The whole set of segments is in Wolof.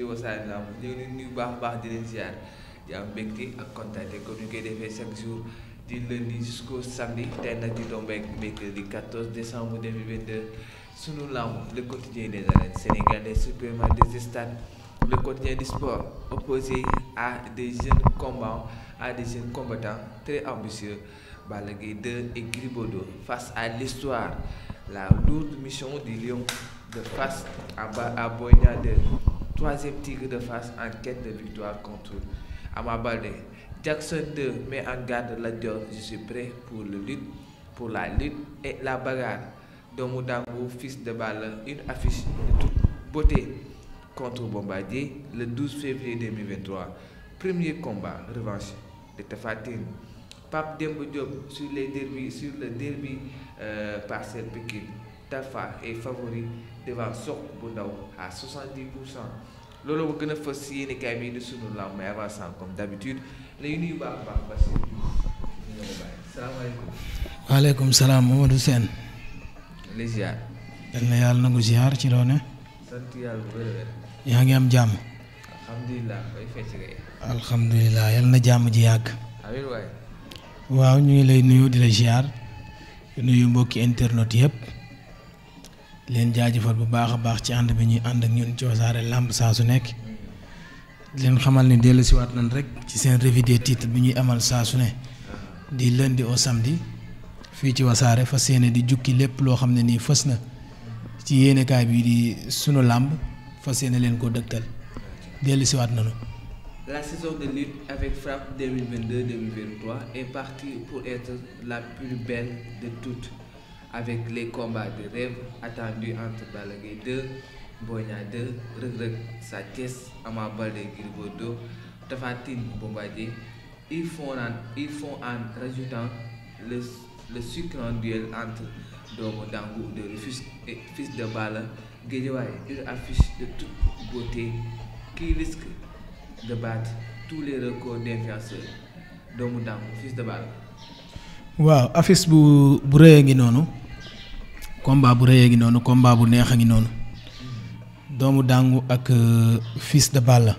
ci Wassare Lamb ñu baax baax di leen ziar di am mbégte ak kontaante comme ni ñu koy defee chaque jour di lundi jusqu'au samedi tey nag di tombeek mercredi décembre 2022 sunu lamb le quotidien des arènes sénégalaises supplément des stades le quotidien du sport opposé à des jeunes combats très ambitieux Balla Gaye 2 et Gris face à l'histoire la lourde mission du lion de face à Boy Niang 2 troisième Tigre de Fass en quête de victoire contre Ama Baldé Jackson 2 met en garde Lat Dior je prêt pour le lutte pour la lutte et la bagarre Doomu Dangu fils de Balla une affiche de toute beauté contre Bombardier le 12 février 2023 premier combat revanche de Tapha Tine Pape Demba sur les derby sur le derby euh, Parcelles Pikine Talfa est favori devant Sokh bu ndaw loolu moo gën a fës si yéen kaay bi di sunu làmb mais avant ça comme d'habitude lay nuyu baax baax Bassirou Diouf salaamaaleykum. waaleykum salaam Mamadou Sène. les ziar. yal na yàlla nangu ziar ci loo ne. sant yàlla bu wér wér. yaa ngi am jàmm. alhamdulilah na jàmm ji yàgg. ñu ngi lay nuyu di la yëpp. leen jaajëfal bu baax a baax ci ànd bi ñuy ànd ak ñun ci wasaare làmb saa su nekk leen xamal ne dellu siwaat nañ rek ci seen revue des bi ñuy amal saa su ne di lëndi au samedi fii ci wasaare fas yéene di jukki lépp loo xam ne nii fës na ci yéenekaay bii di sunu làmb fas yéene leen koo dëgtal dellu siwaat nañu La saison de lutte avec Frappe 2022 la plus belle avec les combats de rêve attendus entre Balla Gaye 2, Boy Niang 2, Reug Reug, Sa Thiès, Ama Baldé, Gris Bordeaux, Tapha Tine, Bombardier. Ils font en ils font en rajoutant le le succulent duel entre Doomu Dangu de Rufisque et fils de Balla Guédiawaye, une affiche de toute beauté qui risque de bat tous les records d'influenceurs Doomu Dangu fils de Balla waaw affiche bu bu a ngi noonu combat bu rëy a ngi noonu combat bu neex a ngi noonu doomu dàngu ak euh, fils de Balla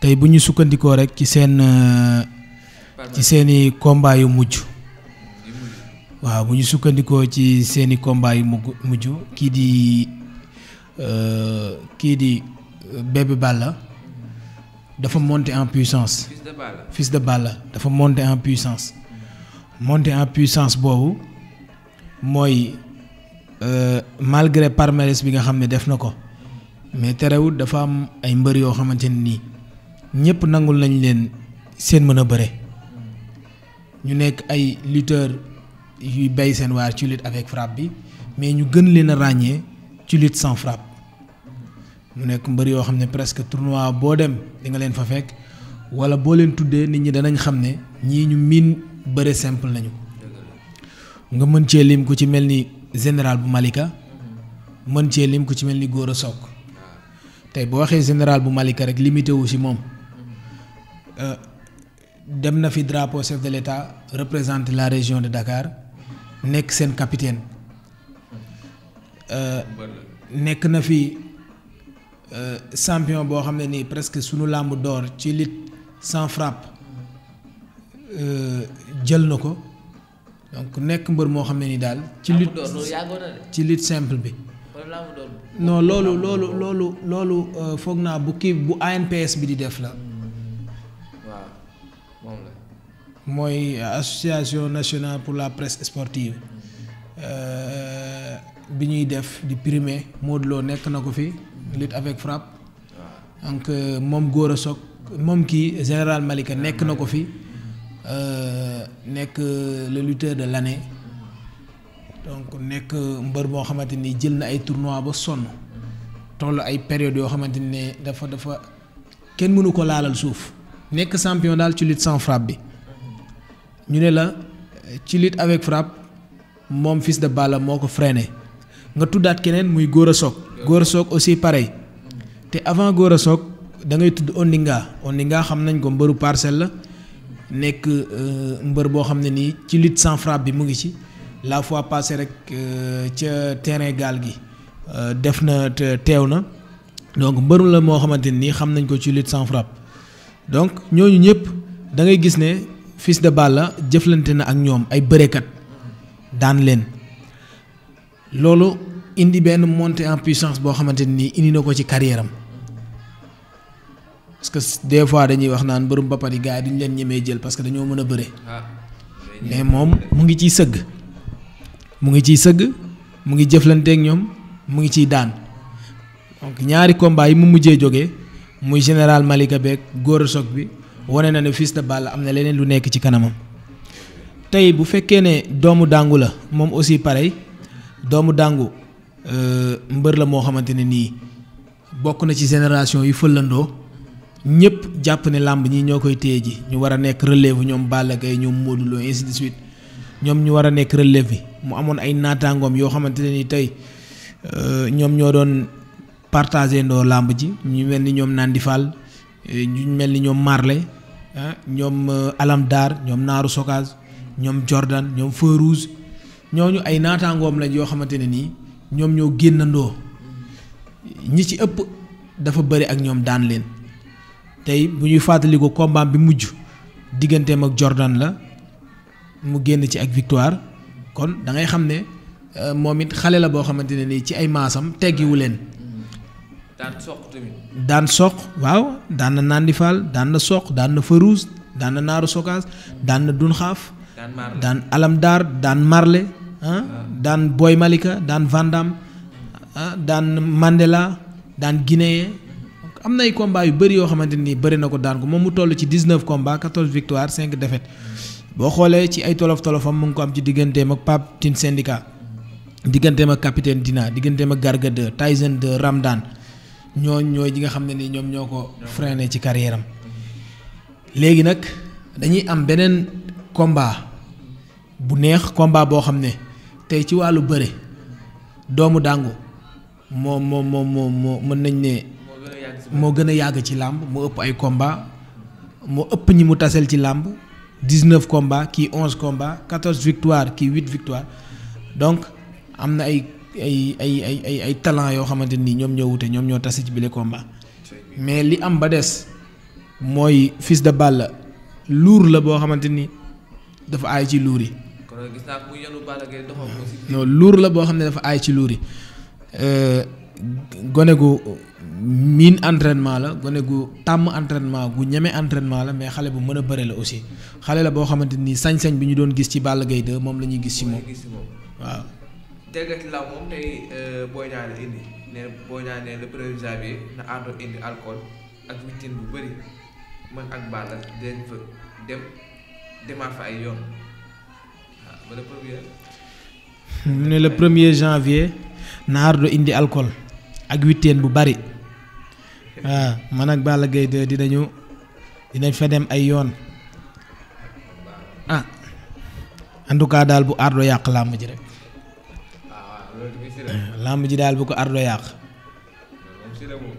tey bu ñu sukkandikoo rek ci seen euh, ci seeni combat yu mujj waaw bu ñu sukkandikoo ci seeni combat yu mujj kii di euh, kii di bébé dafa monter en puissance fils de Balla dafa monter en puissance monter en puissance boobu mooy Euh, malgré palmarès bi nga xam ne def na ko mais terewul dafa am ay mbër yoo xamante ne nii ñëpp nangul nañ leen seen mën a bëre ñu nekk ay lutteurs yuy bay seen waar ci lutte avec frappe bi mais ñu gën leen a ràññee ci lutte sans frappe mu nekk mbër yoo xam ne presque tournoi boo dem di nga leen fa fekk wala boo leen tuddee nit ñi danañ xam ne ñii ñu miin bëre simple nañu nga mën cee lim ci mel ni général bu Malika mën cee lim ku ci mel ni góor a soog tey boo waxee général bu Malika rek limité wu si moom euh, dem na fi drapeau chef de l'État représente la région de Dakar nekk seen capitaine euh, nekk na fi sampion euh, boo xam ne nii presque sunu làmb d'or ci lutte sans frappe jël na ko. donc nekk mbër moo xam ne ni daal. ci lutte ci simple bi. non loolu loolu loolu euh, loolu foog naa bu kii bu ANPS bi di def la. Hmm. waaw mooy association nationale pour la presse sportive euh, bi ñuy def di primé Modou Lo nekk na ko fi. lutte avec frappe. donc euh, moom Gora Sock moom kii général Malika nekk na ko fi. Euh, nekk euh, le lutteur de l'année donc nekk euh, mbër boo xamante ni jël na ay tournoi ba sonn toll ay période yoo xamante ne dafa dafa kenn mënu ko laalal suuf nekk champion daal ci lutte sans frappe bi ñu ne la ci lutte avec frappe moom fils de Balla moo ko freiné nga tuddaat keneen muy góor Gora Sock Gora Sock aussi pareil te avant Gora Sock da ngay tudd Ondinga Ondinga xam nañ ko mbëru parcelle la nekk euh, mbër boo xam ne nii ci lutte sans frappe bi mu ngi ci la fois passée rek euh, ca terrain gaal gi euh, def na teew na donc mbëru la moo xamante nii xam nañ ko ci lutte sans frappe donc ñooñu ñëpp da ngay gis ne Fils de la jëflante na ak ñoom ay bërekat daan leen loolu indi benn montée en puissance boo xamante nii indi na ko ci carrière parce que des fois dañuy wax naan mbërum ba pare gars yi duñ leen ñemee jël parce que dañoo mën a bëre. Ah. mais moom mu ngi ciy sëgg. mu ngi ciy sëgg mu ngi jëflanteeg ñoom mu ngi ciy daan donc ñaari kombaay yi mu mujjee jóge muy général Malika beeg góor sok bi wane na ne Fils de Balla am na leneen lu nekk ci kanamam. tey bu fekkee ne doomu dàngu la moom aussi pareil doomu dàngu euh, mbër la moo xamante ne nii bokk na ci génération yu fëlandoo. ñëpp jàpp ne làmb ñi ñoo koy téye ji ñu war a nekk relève ñoom Balla Gaye ñoom Modou Lo ainsi de suite ñoom ñu war a nekk relève yi mu amoon ay naataangoom yoo xamante ne ni tey euh, ñoom ñoo doon partagé ndoo làmb ji ñu mel ni ñoom Nandi Fall euh, ñu mel ni ñoom Marley ah ñoom euh, alamdaar ñoom Naaru Sokaz ñoom Jordan ñoom Feu Rouge ñooñu ay naataangoom lañ yoo xamante ne nii ñoom ñoo génnandoo ñi ci ëpp dafa bëri ak ñoom daan leen. tey bu ñuy fàttaliku combat bi mujj digganteem ak Jordan la mu génn ci ak victoire kon dangay xam ne euh, moom it xale la boo xamante ne nii ci ay maasam teggiwu leen. daan soq waaw daan na Nandi daan na soq daan na Farouz daan Naaru Sokaas daan na Dunxaaf. daan Alam daan Marle ah. daan Boy Malika daan Vandam daan Mandela daan Guinée. am na ay combats yu bëri yoo xamante ni bëri na ko daan ko moom mu toll ci 19 combats 14 victoires 5 défaites boo xoolee ci ay tolof tolofam mu ngi ko am ci digganteem ak Pape Tine Syndicat digganteem ak capitaine Dina digganteem ak gargade 2 Tyson 2 Ramdan ñooñ ñooy ñi nga xam ne ni ñoom ñoo ko freiné ci carrière am léegi nag dañuy am beneen combat bu neex combat boo xam ne tey ci wàllu bëre doomu dàngu moom moom moom moom mën nañ ne. moo gën a yàgg ci làmb moo ëpp ay combat moo ëpp ñi mu tasel ci làmb dix-neuf combats kii onze combats quatorze victoire kii huit victoire donc am na ay ay ay ay ay ay talent yoo xamante nii ñoom ñoo wute ñoom ñoo tase ci bile combat mais li am ba des mooy Fils de la luur la boo xamante ni dafa aay ci luur yi. non luur la boo xam ne dafa aay ci luur gone gu miin entraînement la gone gu tàmm entraînement gu ñeme entraînement la mais xale bu mën a bëre la aussi xale la boo xamante ni sañ-sañ bi ñu doon gis ci Balla Gaye 2 moom la ñuy gis ci moom waaw. déggati la moom tey euh, Boy Niang la indi ne Boy Niang premier janvier na àndoo indi ak witin bu bëri man ak Balla dinañ fa ay yoon waaw ba le premier. mu ne le premier janvier na àndoo indi alcool. ak witteen bu bari waaw man ak Balla Gaye 2 dinañu dinañ fa dem ay yoon ah en tout cas daal bu ardo yàq làmb ji rek làmb ji daal bu ko ardo yàq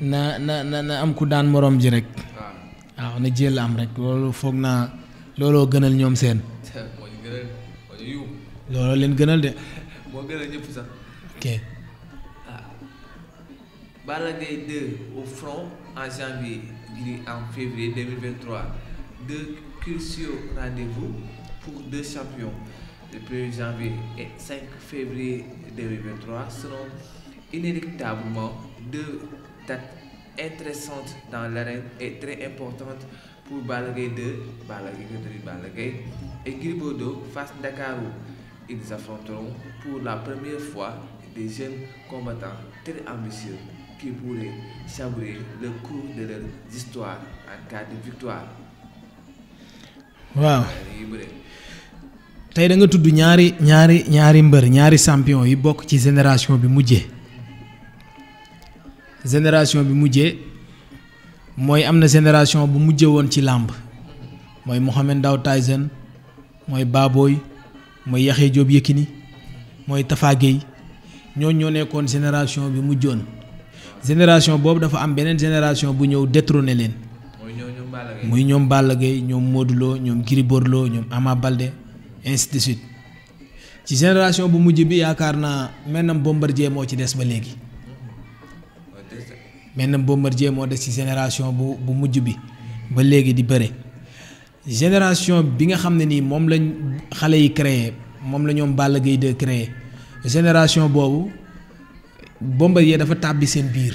na na na am ku daan moroom ji rek waaw na jël am rek loolu foog naa looloo gënal ñoom seen looloo leen gënal de. ok. Balla Gaye 2 au front en janvier Gris en février 2023 deux cruciaux rendez-vous pour deux champions le 1er janvier et 5 février 2023 seront inéluctablement deux dates intéressantes dans l'arène et très importantes pour Balla Gaye 2 Balla Gaye Balla Gaye et Gris Bordeaux face Ndakaaru ils affronteront pour la première fois des jeunes combattants très ambitieux qui pourraient savourer waaw tey danga tudd ñaari ñaari mbër ñaari champion yi bokk ci génération bi mujje génération bi mujjee mooy am na génération bu mujje woon ci làmb mooy Mohamed Ndao Tyson mooy Baboy mooy Yaxya Joob Yékini mooy Tafa Gueye ñooñ ñoo nekkoon génération bi mujjoon génération boobu dafa am beneen génération bu ñëw détrôner leen. muy ñoom Balla Gaye ñoom Modou Lo ñoom Gris Bordeaux ñoom Ama Baldé ainsi ci génération bu mujj bi yaakaar naa maintenant Bombardier moo ci des ba léegi maintenant Bombardier moo des ci génération bu bu mujj bi ba léegi di bëre génération bi nga xam ne nii moom lañ xale yi créer moom la ñoom Balla Gaye de créé génération boobu Bombardier dafa tàbbi seen biir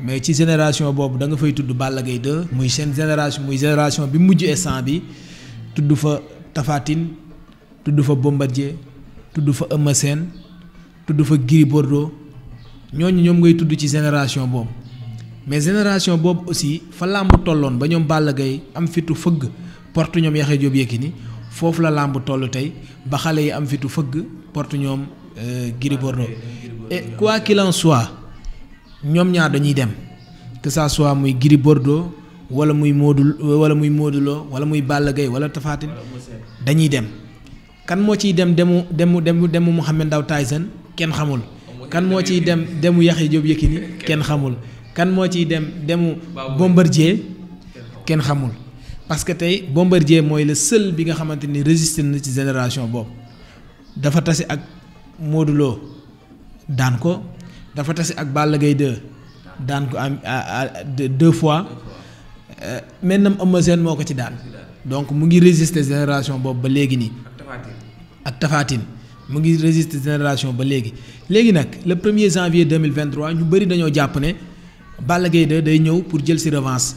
mais ci génération boobu da nga fay tudd Balla gay 2 muy seen génération muy génération bi mujj instant bi tudd fa tafaatin Tine tudd fa Bombardier tudd fa Eumeu Sène tudd fa Gris Bordeaux ñooñu ñoom ngay tudd ci génération boobu mais génération boobu aussi fa làmb tolloon ba ñoom Balla Gaye am fitu fëgg porte ñoom Yaxya Jóob ni foofu la làmb toll tey ba xale yi am fitu fëgg porte ñoom Euh, Gris Bordeaux et quoi qu'il en soit ñoom ñaar dañuy dem que ça soit muy giri Bordeaux wala muy Modou wala muy Modou Lo wala muy Balla Gaye wala Tapha dañuy dem kan moo ciy dem demu demu demu demu Mouhamed Ndao Tyson kenn xamul kan moo ciy dem demu Yaxya Jóob Yékini kenn xamul kan moo ciy dem demu Bombardier kenn xamul parce que tey Bombardier mooy le seul bi nga xamante ni résisté na ci génération boobu dafa tase ak Modou Lo daan ko dafa tase ak Balla Gaye 2 daan ko am deux fois euh, maintenant Eumeu Sène moo ko ci daan donc mu ngi résister génération boobu ba léegi nii ak Tafatine mu ngi résister génération ba léegi léegi nag le premier janvier 2023 ñu bëri dañoo jàpp ne Balla Gaye 2 day ñëw pour jël si revanche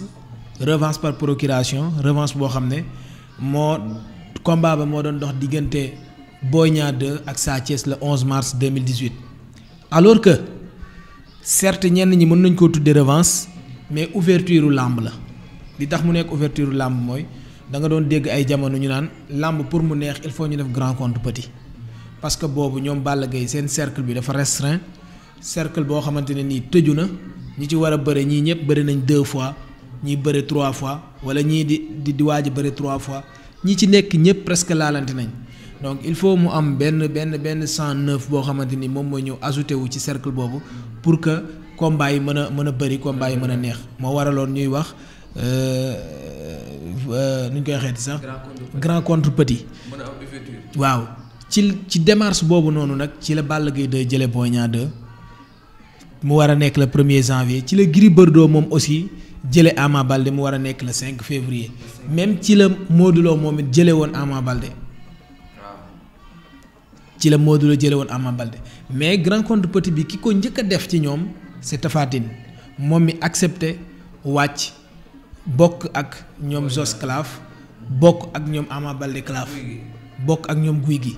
revanche par procuration revanche boo xam ne moo combat ba moo doon dox diggante Boy Niang 2 ak Sa Thiès la 11 mars 2018 alors que certes ñenn ñi mën nañ koo tuddee revanche mais ouverture làmb la li tax mu nekk ouverture làmb mooy da nga doon dégg ay jamono ñu naan làmb pour mu neex il faut ñu def grand contre petit parce que boobu ñoom Balla Gaye seen cercle bi dafa restreint cercle boo xamante ne nii tëju na ñi ci war a bëre ñii ñëpp bëri nañ deux fois ñii bëri trois fois wala ñii di di waaj a bëri trois fois ñi ci nekk ñëpp presque laalante nañ. donc il faut mu am benn benn benn cent neuf boo xamante ni moom mooy ñëw ajouté wu ci cercle boobu pour que combat yi mën a mën a bëri combat yi mën a neex moo waraloon ñuy wax euh, euh, nu ñu koy xeeti sax. grand contre petit mën a waaw ci ci démarche boobu noonu nag ci la Balla Gaye 2 jële Boy Niang mu war a nekk la premier janvier ci la Gris Bordeaux moom aussi jële Ama Balde mu war a nekk le 5 février même ci la Modou Lo moom it jële woon Ama Balde ci la du la jëlee woon Ama Baldé mais grand contre petit bi ki ko njëkk a def ci ñoom c'est Tapha moom mi accepté wàcc bokk ak ñoom Jos Claf bokk ak ñoom Ama Baldé bokk ak ñoom guy gi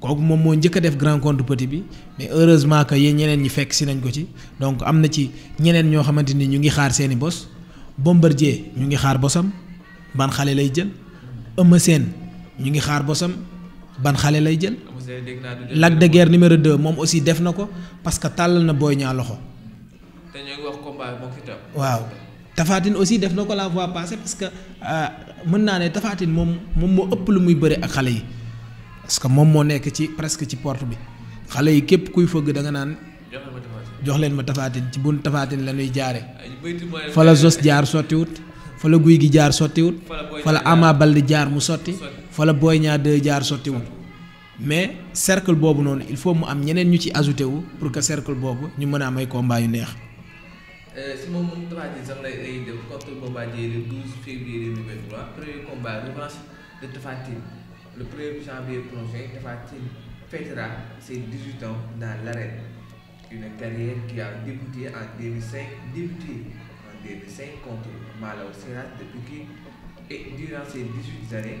kooku moom moo njëkk def grand contre petit bi mais heureusement que yéen ñeneen ñi fekk si nañ ko ci donc am na ci ñeneen ñoo xamante ni ñu ngi xaar seeni bos Bombardier ñu ngi xaar bosam ban xale lay jël Eumeu Sène ñu ngi xaar bosam ban xale lay jël Lac de Guiers numéro 2 moom aussi def na ko parce que tàllal na booy Niang loxo. te waaw Tapha aussi def na ko la voie passée parce que euh, mën naa ne tafaatin moom moom moo ëpp lu muy bëre ak xale yi parce que moom moo nekk ci presque ci port bi xale yi képp kuy fëgg da nga naan. jox leen ma Tapha ci bun Tapha Tine la ñuy jaare fa la Zos jaar sottiwut fa la guy gi jaar sottiwut fa la Ama Baldé jaar mu sotti fa la Boy Niang 2 jaar sottiwut mais cercle boobu noonu il faut mu am ñeneen ñu ci ajouté wu pour que cercle boobu ñu mën a am ay combat yu neex. ma euh, moom moom Tapha Tine sax lay lay le 12 février 2023 premier combat revanche de Tapha Tine le 1er janvier prochain Tapha Tine fêtera ses 18 ans dans l'arène une carrière a débuté en 2005 débuté en 2005 contre de Pikine et durant ces 18 années.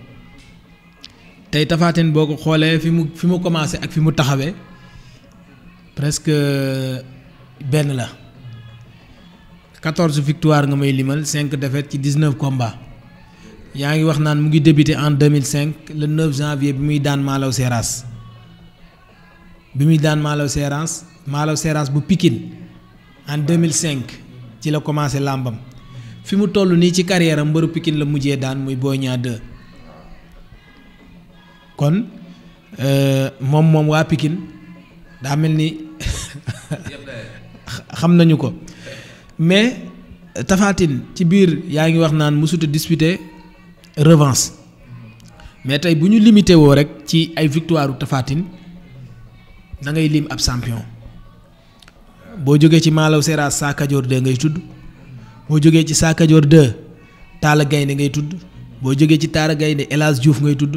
tey Tapha Tine boo ko xoolee fi mu fi mu commencé ak fi mu taxawee presque benn la quatorze victoire nga may limal cinq défaites ci dix-neuf combats yaa ngi wax naan mu ngi débuté en deux mille cinq le neuf janvier bi muy daan Malaw Seras bi muy daan Malaw Seras Malaw Seras bu Pikine en deux mille cinq ci la commencé làmbam fi mu toll nii ci carrière am mbëru Pikine la mujjee daan muy Boy Niang kon euh, moom moom waa pikin daa mel ni xam nañu ko mais tafaatin ci biir yaa ngi wax naan mësut a disputé revanche mais tey bu ñu limité woo rek ci ay victoire tafaatin Tine da ngay lim ab champion boo jógee ci Malaw Seras Sa Kajoor 2 ngay tudd boo jógee ci Sa Kajoor 2 Talla Gaynde ngay tudd boo jógee ci Talla Gaynde El Hadj ngay tudd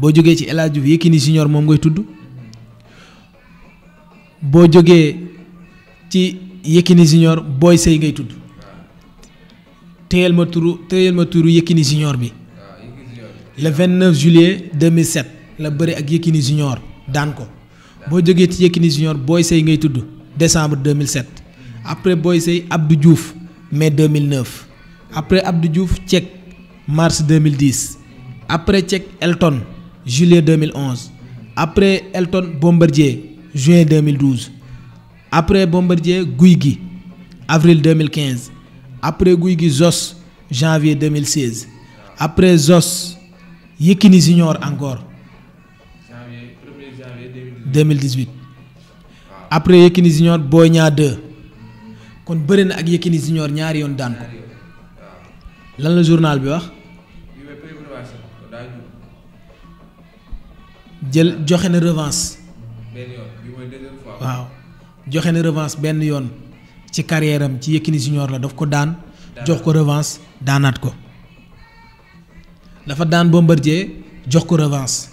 boo jógee ci El Hadj Diouf Yékini Junior moom ngay tudd boo jógee ci yëkkini Junior booy Sey ngay tudd téyel ma turu téyel ma turu Yékini Junior bi le 29 juillet 2007 la bëri ak Yékini Junior daan ko boo jógee ci Yékini Junior booy Sey ngay tudd décembre 2007 après Boy Sey Abdou Diouf mai 2009 après Abdou Diouf Cech mars 2010 après Cech Elton juillet 2011 après Elton Bombardier juin 2012 après Bombardier Guy Gi avril 2015 après Guy Gi Zos janvier 2016 après Zos Yekini Junior encore janvier 1er janvier 2018 après Yekini Junior Boy Niang 2 kon bëri na ak Yekini Junior ñaari yoon daan ko lan la journal bi wax. jël joxe na revanche. waaw joxe na revanche benn yoon ci carrière ci Yékini Junior la daf ko daan. jox ko revanche daanaat ko. dafa daan Bombardier jox ko revanche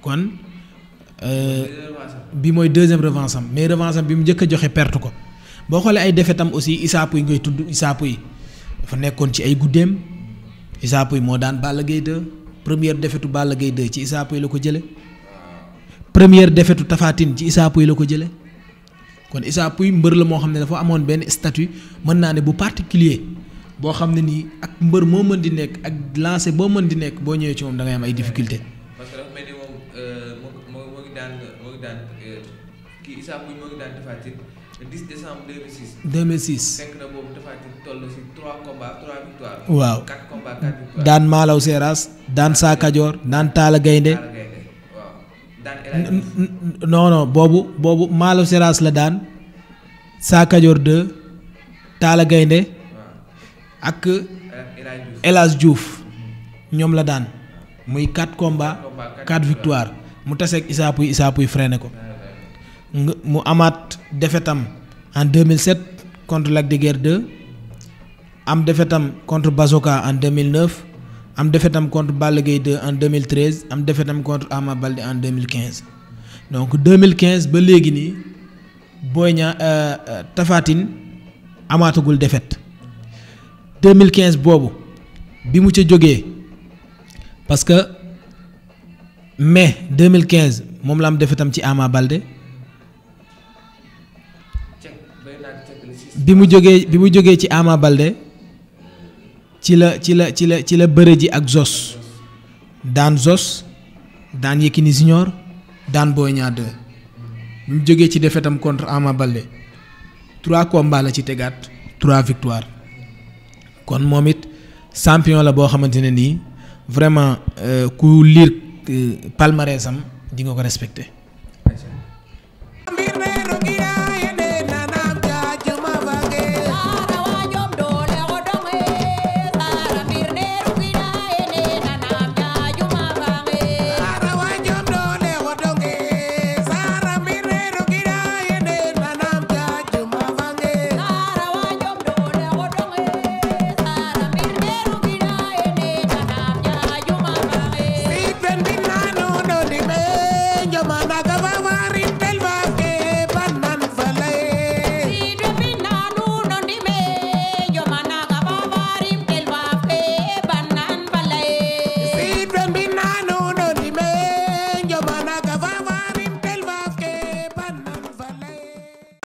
kon. Euh, bi mooy deuxième revanche am mais revanche am bi mu njëkk a joxe perte ko boo xoolee ay defetam aussi Issapou yi ngay tudd Issapou yi dafa nekkoon ci ay guddeem Issapou yi moo daan Balla Gaye première defetu Balla Gaye 2 ci Issa Pouye la ko jële première defetu Tapha Tine ci Issa Pouye la ko jële kon Issa yi mbër la moo xam ne dafa amoon benn statut mën naa ne bu particulier boo xam ne nii ak mbër moo mën di nekk ak lancé boo mën di nekk boo ñëwee ci moom da ngay am ay difficulté parce que dafa mel ni moom euh, moo ngi daan euh, le 10 décembre 2006. waaw daan Malaw Seras daan Saa Kajoor daan Taala Gaynde. non boobu boobu Malaw Seras la daan Saa Kajoor 2 Gaynde. ak El Hadj ñoom la daan muy 4 combats 4 victoires mu taseeg Issa Pouye Issa Pouye freiné ko. mu amaat defetam en deux mille 2007 contre Lac de am defetam contre Bazoka en 2009 am defetam contre Balla Gaye 2 en 2013 am defetam contre Ama Baldé en 2015 donc 2015 ba léegi nii Boy Niang euh, euh, Tapha Tine amaatagul mille quinze boobu bi mu ca jógee parce que mille 2015 moom la am defetam ci Ama Baldé bi mu jógee bi mu jógee ci Ama Balde ci la ci la ci la ci la bëre ji ak Zos daan Zos daan Yekini Junior daan Boy Niang mu jógee ci défaitam contre Ama Balde trois combats ci tegaat trois victoires kon moom it champion la boo xamante ne nii vraiment euh, ku liir euh, palmarès am di nga ko respecté.